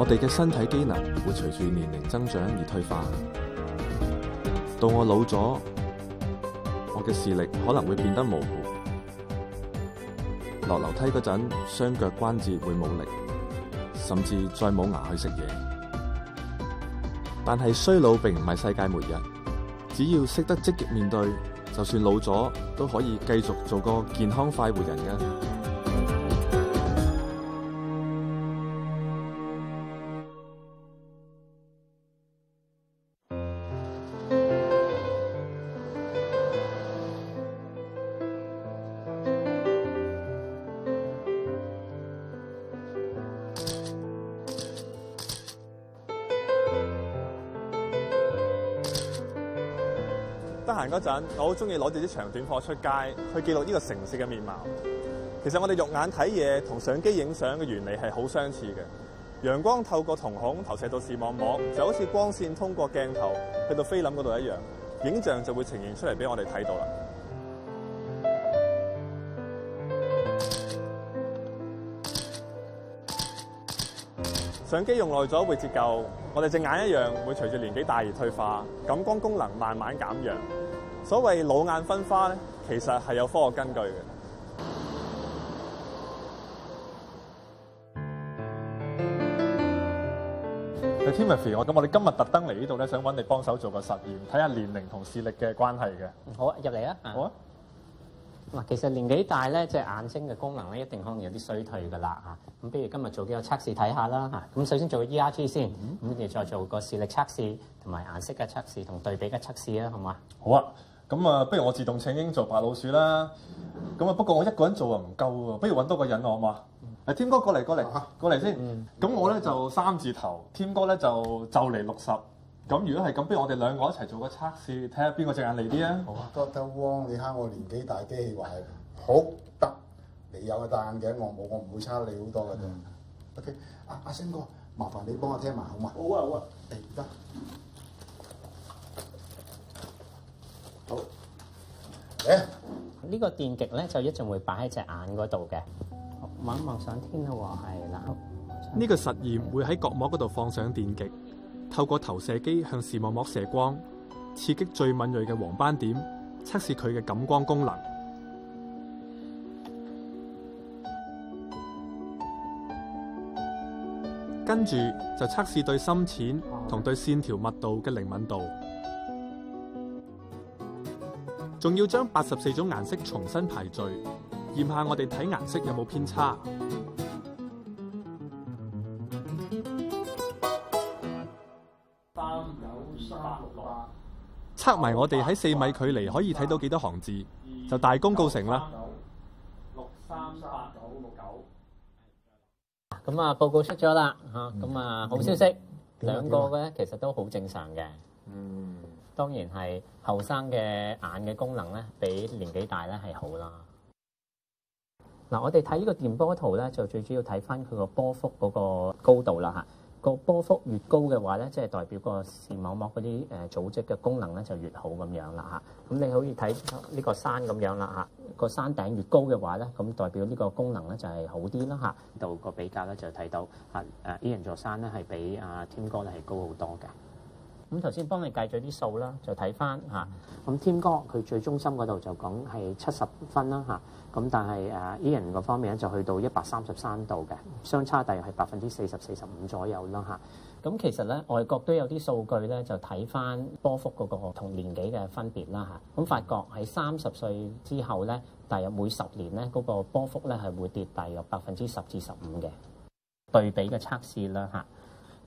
我哋嘅身體機能會隨住年齡增長而退化，到我老咗，我嘅視力可能會變得模糊，落樓梯嗰陣，雙腳關節會冇力，甚至再冇牙去食嘢。但係衰老並唔係世界末日，只要識得積極面對，就算老咗都可以繼續做個健康快活人㗎。嗰陣，我好中意攞住啲長短貨出街，去記錄呢個城市嘅面貌。其實我哋肉眼睇嘢同相機影相嘅原理係好相似嘅。陽光透過瞳孔投射到視網膜，就好似光線通過鏡頭去到菲林嗰度一樣，影像就會呈現出嚟俾我哋睇到啦。相機用耐咗會折舊，我哋隻眼一樣會隨住年紀大而退化，感光功能慢慢減弱。所謂老眼昏花咧，其實係有科學根據嘅。係 Timothy，我咁我哋今日特登嚟呢度咧，想揾你幫手做個實驗，睇下年齡同視力嘅關係嘅。好啊，入嚟啊。好啊。嗱，其實年紀大咧，即係眼睛嘅功能咧，一定可能有啲衰退噶啦嚇。咁不如今日做幾個測試睇下啦嚇。咁首先做個 ERG 先，咁跟住再做個視力測試同埋顏色嘅測試同對比嘅測試啦，好嘛？好啊。咁啊，不如我自動請纓做白老鼠啦。咁啊，不過我一個人做啊唔夠喎，不如揾多個人我好嘛？阿添哥過嚟，過嚟，過嚟、啊、先。咁、嗯、我咧就三字頭，添哥咧就就嚟六十。咁、嗯、如果係咁，不如我哋兩個一齊做個測試，睇下邊個隻眼利啲啊？好啊，覺得汪你蝦我年紀大機，機器壞。好得，你有戴眼鏡，我冇，我唔會差你好多嘅啫。O K，阿阿星哥，麻煩你幫我聽埋，好嘛？好啊，好啊，得、啊。欸呢個電極咧就一陣會擺喺隻眼嗰度嘅，望一望上天啦，係啦。呢個實驗會喺角膜嗰度放上電極，透過投射機向視網膜射光，刺激最敏銳嘅黃斑點，測試佢嘅感光功能。跟住就測試對深淺同對線條密度嘅靈敏度。仲要將八十四種顏色重新排序，驗下我哋睇顏色有冇偏差。三九三六八，測埋我哋喺四米距離可以睇到幾多行字，就大功告成啦。六三八九六九，咁啊，報告出咗啦，吓、嗯，咁啊，好消息，兩個呢其實都好正常嘅。嗯。當然係後生嘅眼嘅功能咧，比年紀大咧係好啦。嗱，我哋睇呢個電波圖咧，就最主要睇翻佢個波幅嗰個高度啦嚇。個波幅越高嘅話咧，即係代表個視網膜嗰啲誒組織嘅功能咧就越好咁樣啦嚇。咁你好似睇呢個山咁樣啦嚇，個山頂越高嘅話咧，咁代表呢個功能咧就係好啲啦嚇。呢度個比較咧就睇到嚇，誒呢兩座山咧係比阿天哥咧係高好多嘅。咁頭先幫你計咗啲數啦，就睇翻嚇。咁添哥佢最中心嗰度就講係七十分啦嚇。咁但係誒 E 人嗰方面咧就去到一百三十三度嘅，相差大約係百分之四十四十五左右啦嚇。咁其實咧，外國都有啲數據咧，就睇翻波幅嗰個同年紀嘅分別啦嚇。咁發覺喺三十歲之後咧，大約每十年咧嗰個波幅咧係會跌大約百分之十至十五嘅對比嘅測試啦嚇。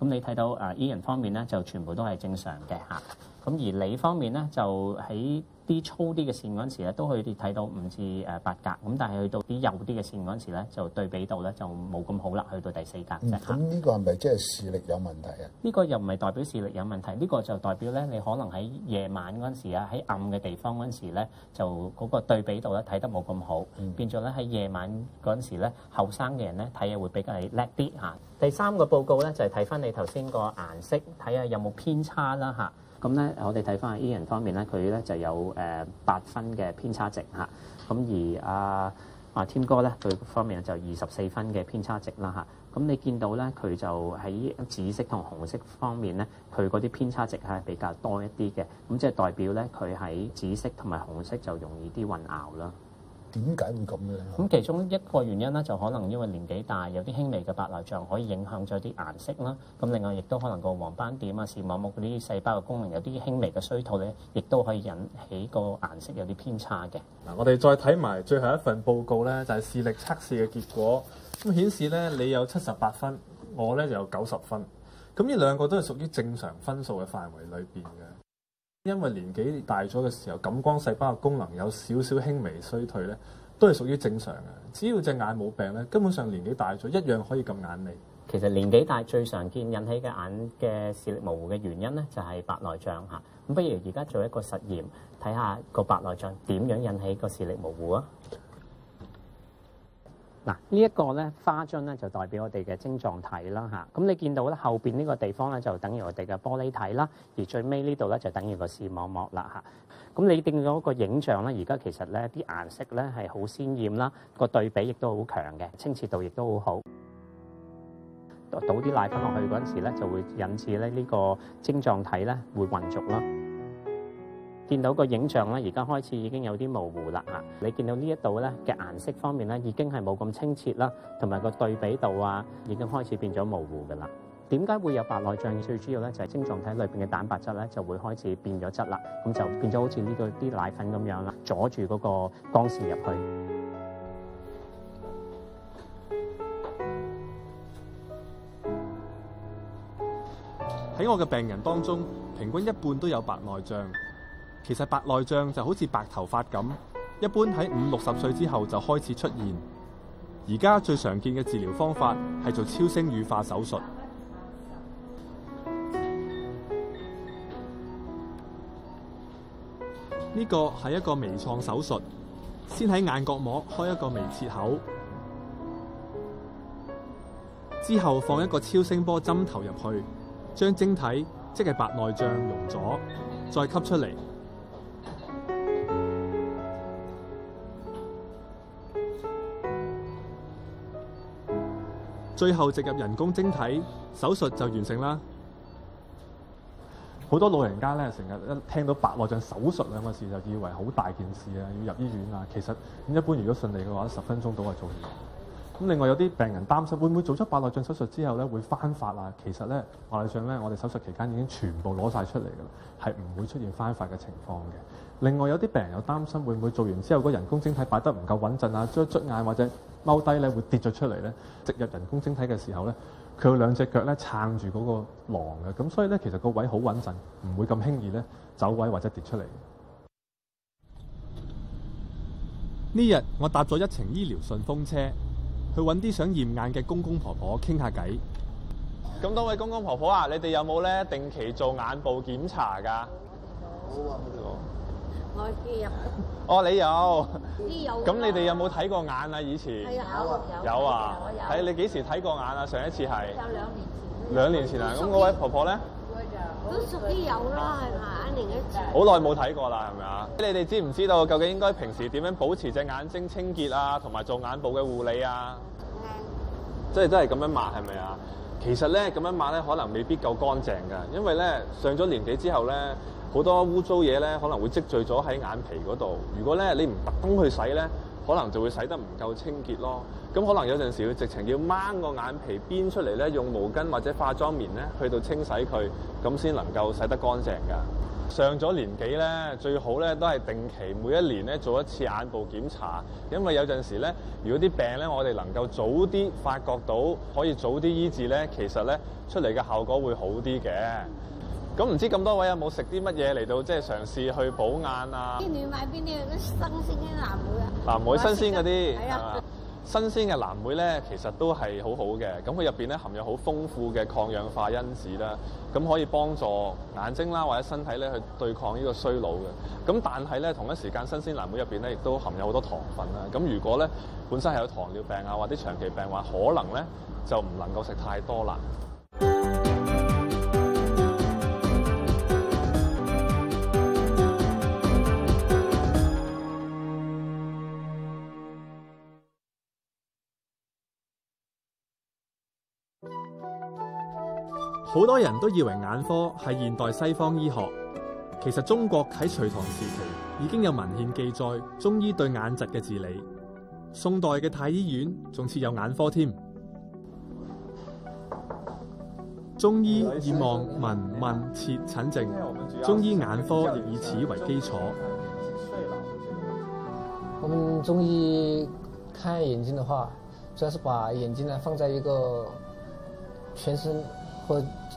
咁你睇到誒依人方面咧，就全部都係正常嘅嚇。咁、啊、而你方面咧，就喺啲粗啲嘅線嗰陣時咧，都可以睇到五至誒八格。咁但係去到啲幼啲嘅線嗰陣時咧，就對比度咧就冇咁好啦。去到第四格咁呢、啊嗯、個係咪即係視力有問題啊？呢個又唔係代表視力有問題，呢、呢個就代表咧，你可能喺夜晚嗰陣時啊，喺暗嘅地方嗰陣時咧，就嗰個對比度咧睇得冇咁好，嗯、變咗咧喺夜晚嗰陣時咧，後生嘅人咧睇嘢會比較叻啲嚇。啊。第三個報告咧就係睇翻你頭先個顏色，睇下有冇偏差啦吓，咁咧，我哋睇翻阿 Ian 方面咧，佢咧就有誒八分嘅偏差值吓，咁而阿阿添哥咧，佢方面就二十四分嘅偏差值啦吓，咁你見到咧，佢就喺紫色同紅色方面咧，佢嗰啲偏差值係比較多一啲嘅。咁即係代表咧，佢喺紫色同埋紅色就容易啲混淆啦。點解會咁嘅咧？咁其中一個原因咧，就可能因為年紀大，有啲輕微嘅白內障可以影響咗啲顏色啦。咁另外亦都可能個黃斑點啊、視網膜嗰啲細胞嘅功能有啲輕微嘅衰退咧，亦都可以引起個顏色有啲偏差嘅。嗱，我哋再睇埋最後一份報告咧，就係視力測試嘅結果，咁顯示咧你有七十八分，我咧就有九十分。咁呢兩個都係屬於正常分數嘅範圍裏邊嘅。因為年紀大咗嘅時候，感光細胞嘅功能有少少輕微衰退咧，都係屬於正常嘅。只要隻眼冇病咧，根本上年紀大咗一樣可以咁眼眉。其實年紀大最常見引起嘅眼嘅視力模糊嘅原因咧，就係白內障吓。咁不如而家做一個實驗，睇下個白內障點樣引起個視力模糊啊？嗱，這呢一個咧，花樽咧就代表我哋嘅晶狀體啦，嚇。咁你見到咧後邊呢個地方咧，就等於我哋嘅玻璃體啦，而最尾呢度咧就等於個視網膜啦，嚇。咁你見到一個影像咧，而家其實咧啲顏色咧係好鮮豔啦，個對比亦都好強嘅，清澈度亦都好好。倒啲奶粉落去嗰陣時咧，就會引致咧呢個晶狀體咧會混濁啦。見到個影像咧，而家開始已經有啲模糊啦嚇。你見到呢一度咧嘅顏色方面咧，已經係冇咁清澈啦，同埋個對比度啊，已經開始變咗模糊㗎啦。點解會有白內障？最主要咧就係晶狀體裏邊嘅蛋白質咧就會開始變咗質啦，咁就變咗好似呢度啲奶粉咁樣啦，阻住嗰個光線入去。喺我嘅病人當中，平均一半都有白內障。其實白內障就好似白頭髮咁，一般喺五六十歲之後就開始出現。而家最常見嘅治療方法係做超聲乳化手術。呢個係一個微創手術，先喺眼角膜開一個微切口，之後放一個超聲波針頭入去，將晶體即係白內障溶咗，再吸出嚟。最後植入人工晶體，手術就完成啦。好多老人家咧，成日一聽到白內障手術兩個字，就以為好大件事啊，要入醫院啊。其實一般，如果順利嘅話，十分鐘到係做完。咁另外有啲病人擔心會唔會做咗白內障手術之後咧會翻發啊？其實咧白內障咧，我哋手術期間已經全部攞晒出嚟嘅啦，係唔會出現翻發嘅情況嘅。另外有啲病人又擔心會唔會做完之後，嗰人工晶體擺得唔夠穩陣啊，將捽眼或者踎低咧會跌咗出嚟咧？植入人工晶體嘅時候咧，佢有兩隻腳咧撐住嗰個囊嘅，咁所以咧其實個位好穩陣，唔會咁輕易咧走位或者跌出嚟。呢日我搭咗一程醫療順風車。去揾啲想驗眼嘅公公婆婆傾下偈。咁多位公公婆婆啊，你哋有冇咧定期做眼部檢查㗎？冇啊，冇。 我有。哦，你有。啲、 嗯、有。咁你哋有冇睇過眼啊？以前。 有。有有啊。係 你幾時睇過眼啊？上一次係。有兩年前。兩年前啊，咁嗰位婆婆咧？都屬於有啦，係咪一年一次？好耐冇睇過啦，係咪啊？ 你哋知唔知道究竟應該平時點樣保持隻眼睛清潔啊，同埋做眼部嘅護理啊？即係都係咁樣抹係咪啊？其實咧，咁樣抹咧，可能未必夠乾淨㗎。因為咧，上咗年紀之後咧，好多污糟嘢咧，可能會積聚咗喺眼皮嗰度。如果咧你唔特登去洗咧，可能就會洗得唔夠清潔咯。咁可能有陣時要直情要掹個眼皮邊出嚟咧，用毛巾或者化妝棉咧，去到清洗佢，咁先能夠洗得乾淨㗎。上咗年紀咧，最好咧都係定期每一年咧做一次眼部檢查，因為有陣時咧，如果啲病咧，我哋能夠早啲發覺到，可以早啲醫治咧，其實咧出嚟嘅效果會好啲嘅。咁唔知咁多位有冇食啲乜嘢嚟到即係嘗試去補眼啊？邊啲買邊啲？啲新鮮啲藍莓啊！藍莓新鮮嗰啲係啊！新鮮嘅藍莓咧，其實都係好好嘅，咁佢入邊咧含有好豐富嘅抗氧化因子啦，咁可以幫助眼睛啦或者身體咧去對抗呢個衰老嘅。咁但係咧同一時間，新鮮藍莓入邊咧亦都含有好多糖分啦，咁如果咧本身係有糖尿病啊或者長期病患，可能咧就唔能夠食太多啦。好多人都以為眼科係現代西方醫學，其實中國喺隋唐時期已經有文獻記載中醫對眼疾嘅治理。宋代嘅太醫院仲設有眼科添。中醫以望、聞、問、切診症，中醫眼科亦以此為基礎。我們中醫看，看眼睛的話，主要是把眼睛放在一個全身和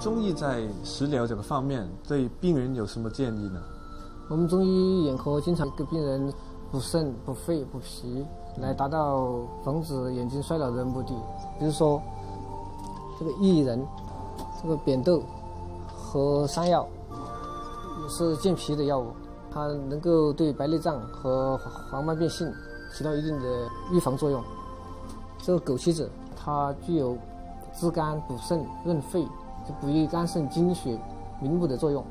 中醫在食療這個方面，對病人有什麼建議呢？我們中醫眼科經常給病人補腎、補肺、補脾，來達到防止眼睛衰老的目的。比如說，這個薏仁、這個扁豆和山藥是健脾的藥物，它能夠對白內障和黃斑變性起到一定的預防作用。這個枸杞子它具有滋肝、補腎、潤肺。不易肝腎精血明目的作用。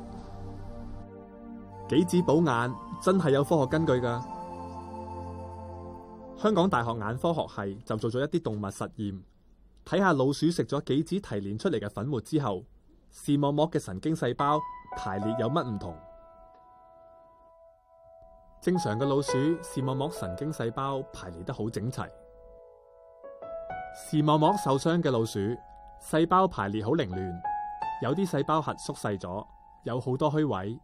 杞子保眼真係有科學根據㗎。香港大學眼科學係就做咗一啲動物實驗，睇下老鼠食咗杞子提煉出嚟嘅粉末之後，視網膜嘅神經細胞排列有乜唔同。正常嘅老鼠視網膜神經細胞排列得好整齊，視網膜受傷嘅老鼠細胞排列好凌亂。有啲細胞核縮細咗，有好多虛位，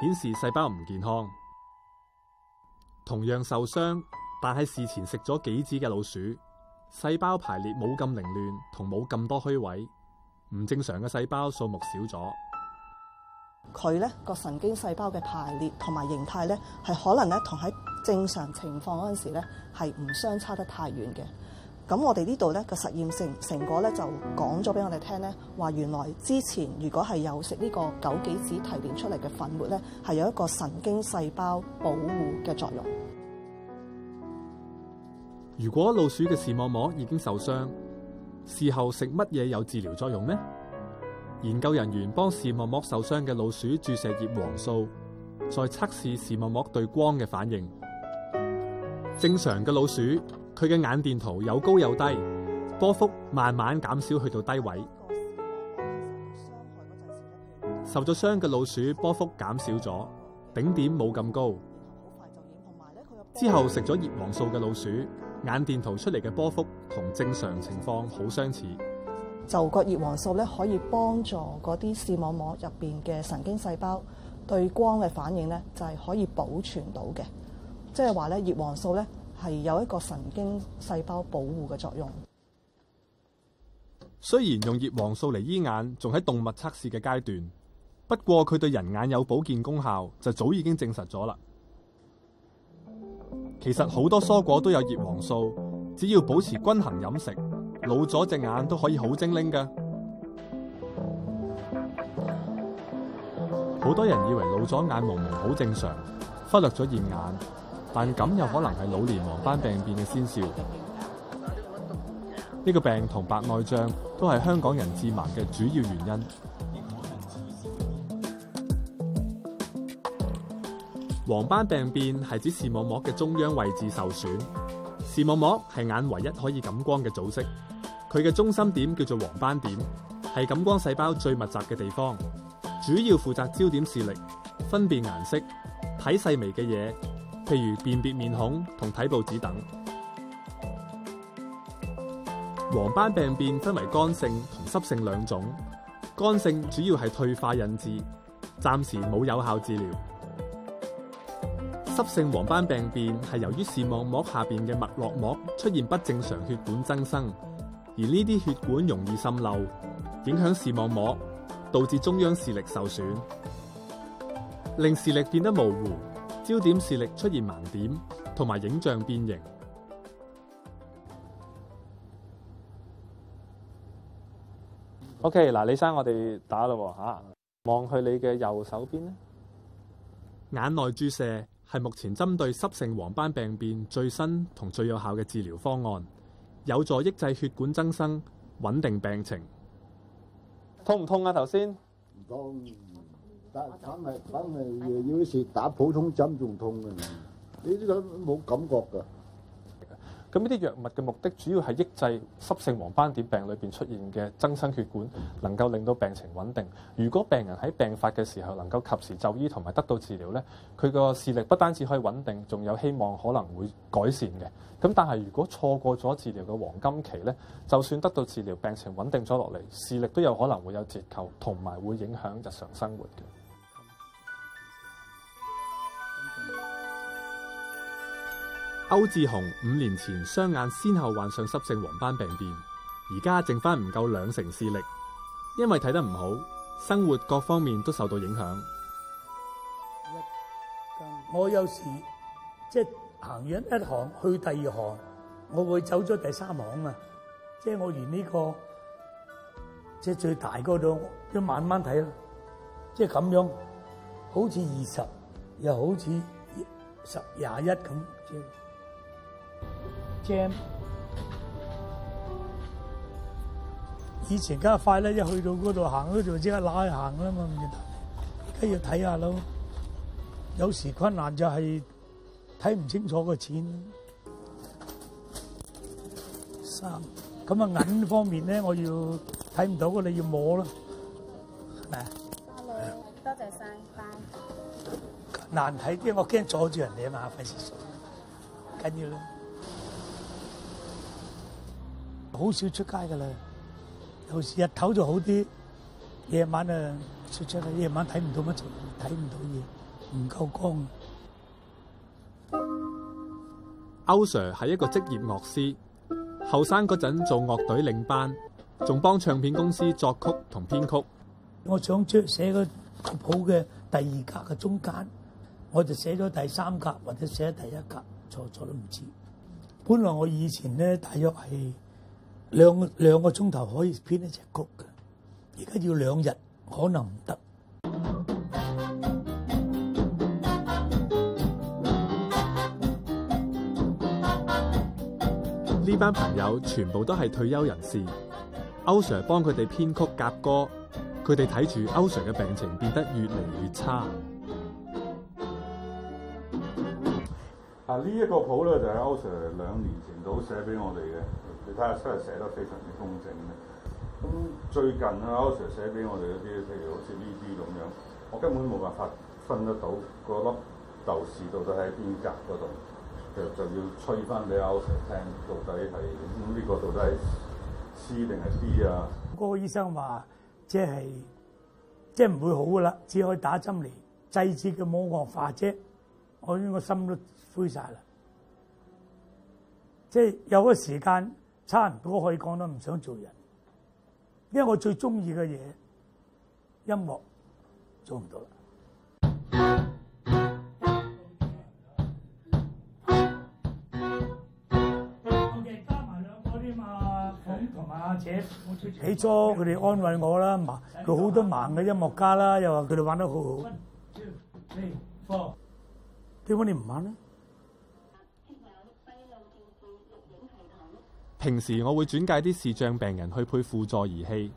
顯示細胞唔健康。同樣受傷，但係事前食咗杞子嘅老鼠，細胞排列冇咁凌亂，同冇咁多虛位，唔正常嘅細胞數目少咗。佢咧個神經細胞嘅排列同埋形態咧，係可能咧同喺正常情況嗰陣時咧係唔相差得太遠嘅。咁我哋呢度呢個實驗成成果咧就講咗俾我哋聽。呢話，原來之前如果係有食呢個枸杞子提煉出嚟嘅粉末呢，係有一個神經細胞保護嘅作用。如果老鼠嘅視網膜已經受傷，事後食乜嘢有治療作用呢？研究人員幫視網膜受傷嘅老鼠注射葉黃素，再測試視網膜對光嘅反應。正常嘅老鼠。佢嘅眼電圖有高有低，波幅慢慢減少去到低位。受咗傷嘅老鼠波幅減少咗，頂點冇咁高。之後食咗葉黃素嘅老鼠，眼電圖出嚟嘅波幅同正常情況好相似。就個葉黃素咧，可以幫助嗰啲視網膜入邊嘅神經細胞對光嘅反應咧，就係可以保存到嘅。即係話咧，葉黃素咧，係有一個神經細胞保護嘅作用。雖然用葉黃素嚟醫眼仲喺動物測試嘅階段，不過佢對人眼有保健功效就早已經證實咗啦。其實好多蔬果都有葉黃素，只要保持均衡飲食，老咗隻眼都可以好精靈㗎。好多人以為老咗眼矇矇好正常，忽略咗驗眼。但咁有可能係老年黃斑病變嘅先兆。呢個病同白內障都係香港人致盲嘅主要原因。黃斑病變係指視網膜嘅中央位置受損，視網膜係眼唯一可以感光嘅組織。佢嘅中心點叫做黃斑點，係感光細胞最密集嘅地方，主要負責焦點視力、分辨顏色、睇細微嘅嘢。譬如辨別面孔同睇報紙等。黃斑病變分為乾性同濕性兩種。乾性主要係退化引致，暫時冇有，有效治療。濕性黃斑病變係由於視網膜下邊嘅脈絡膜出現不正常血管增生，而呢啲血管容易滲漏，影響視網膜，導致中央視力受損，令視力變得模糊。焦點視力出現盲點同埋影像變形。O K，嗱，李生，我哋打咯吓，望去你嘅右手邊。眼內注射係目前針對濕性黃斑病變最新同最有效嘅治療方案，有助抑制血管增生，穩定病情。痛唔痛啊？頭先。打針要是打普通針仲痛嘅，呢啲冇感覺㗎。咁呢啲藥物嘅目的，主要係抑制濕性黃斑點病裏面出現嘅增生血管，能夠令到病情穩定。如果病人喺病發嘅時候能夠及時就醫同埋得到治療呢，佢個視力不單止可以穩定，仲有希望可能會改善嘅。咁但係如果錯過咗治療嘅黃金期呢，就算得到治療，病情穩定咗落嚟，視力都有可能會有折扣，同埋會影響日常生活嘅。歐志雄五年前雙眼先後患上濕性黃斑病變，而家剩返唔夠兩成視力，因為睇得唔好，生活各方面都受到影響。我有時即係行完一行去第二行，我會走咗第三行啊！即係我連呢個即係最大嗰度，都慢慢睇咯。即係咁樣，好似二十，又好似十廿一咁。即驚，以前加快咧，一去到嗰度行嗰度，即刻拉去行啦嘛，梗要睇下咯。有時困難就係睇唔清楚個錢。三，咁啊銀方面咧，我要睇唔到個你要摸咯，係咪啊？多謝晒，拜。難睇啲，我驚阻住人哋啊嘛，費事，緊要啦。好少出街噶啦，有時日頭就好啲，夜晚啊出出啊，夜晚睇唔到乜嘢，睇唔到嘢，唔夠光。歐 sir 係一個職業樂師，後生嗰陣做樂隊領班，仲幫唱片公司作曲同編曲。我想出寫個曲譜嘅第二格嘅中間，我就寫咗第三格或者寫咗第一格，錯錯都唔知。本來我以前咧，大約係。兩兩個鐘頭可以編一隻曲嘅，而家要兩日可能唔得。呢班朋友全部都係退休人士，歐 sir 幫佢哋編曲夾歌，佢哋睇住歐 sir 嘅病情變得越嚟越差。啊，呢一個譜咧就係歐 sir 兩年前度寫俾我哋嘅。你睇真係寫得非常之工整嘅。咁最近啊，歐 Sir 寫俾我哋嗰啲，譬如好似呢啲咁樣，我根本冇辦法分得到嗰粒豆豉到底喺邊格嗰度。其實就要吹翻俾歐 Sir 聽，到底係咁，呢個到底係 C 定係 B 啊？嗰個醫生話：即係即係唔會好噶啦，只可以打針嚟制止佢惡化啫。我我心都灰晒啦。即係有個時間。差，我可以講啦，唔想做人，因為我最中意嘅嘢音樂做唔到啦。Okay, 加埋兩個添的啊，紅同埋阿姐。起初佢哋安慰我啦，佢好多盲嘅音樂家啦，又話佢哋玩得好好。One, two, three, four. 點解你唔玩咧？平時我會轉介啲視障病人去配輔助儀器。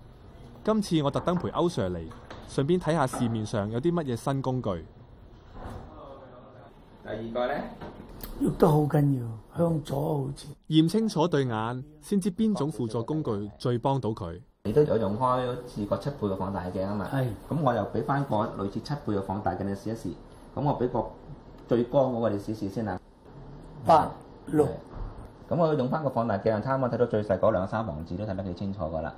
今次我特登陪歐 sir 嚟，順便睇下市面上有啲乜嘢新工具。第二個咧，喐得好緊要，向左好似。驗清楚對眼，先知邊種輔助工具最幫到佢。你都有用開好似個七倍嘅放大鏡啊嘛。係。咁我又俾翻個類似七倍嘅放大鏡你試一試。咁我俾個最光嗰個你試試先啦。八六。咁我用翻個放大鏡嚟睇啊，睇到最細嗰兩三行字都睇得幾清楚噶啦。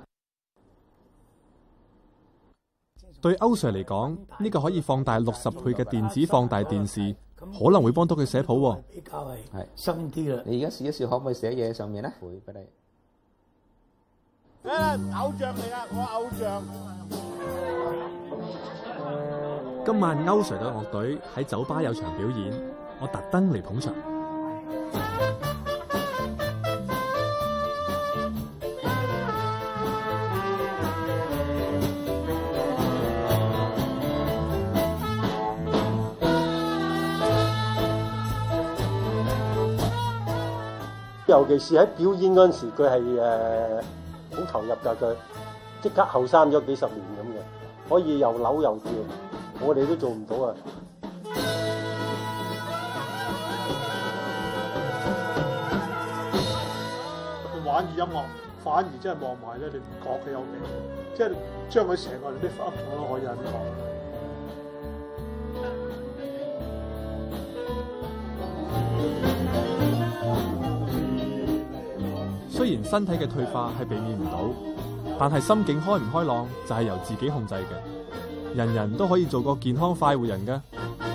對歐 sir 嚟講，呢個可以放大六十倍嘅電子放大電視，可能會幫到佢寫譜。係，新啲嘅，你而家試一試可唔可以寫嘢上面咧？會，畀你。啊，偶像嚟啦，我偶像。今晚歐 sir 嘅樂隊喺酒吧有場表演，我特登嚟捧場。尤其是喺表演嗰陣時，佢係誒好投入㗎，佢即刻後生咗幾十年咁嘅，可以又扭又跳，我哋都做唔到啊！玩住音樂反而真係望埋咧，你唔覺佢有病，即係將佢成個 lift up 咗，可以咁講。雖然身體嘅退化係避免唔到，但係心境開唔開朗就係由自己控制嘅。人人都可以做個健康快活人㗎。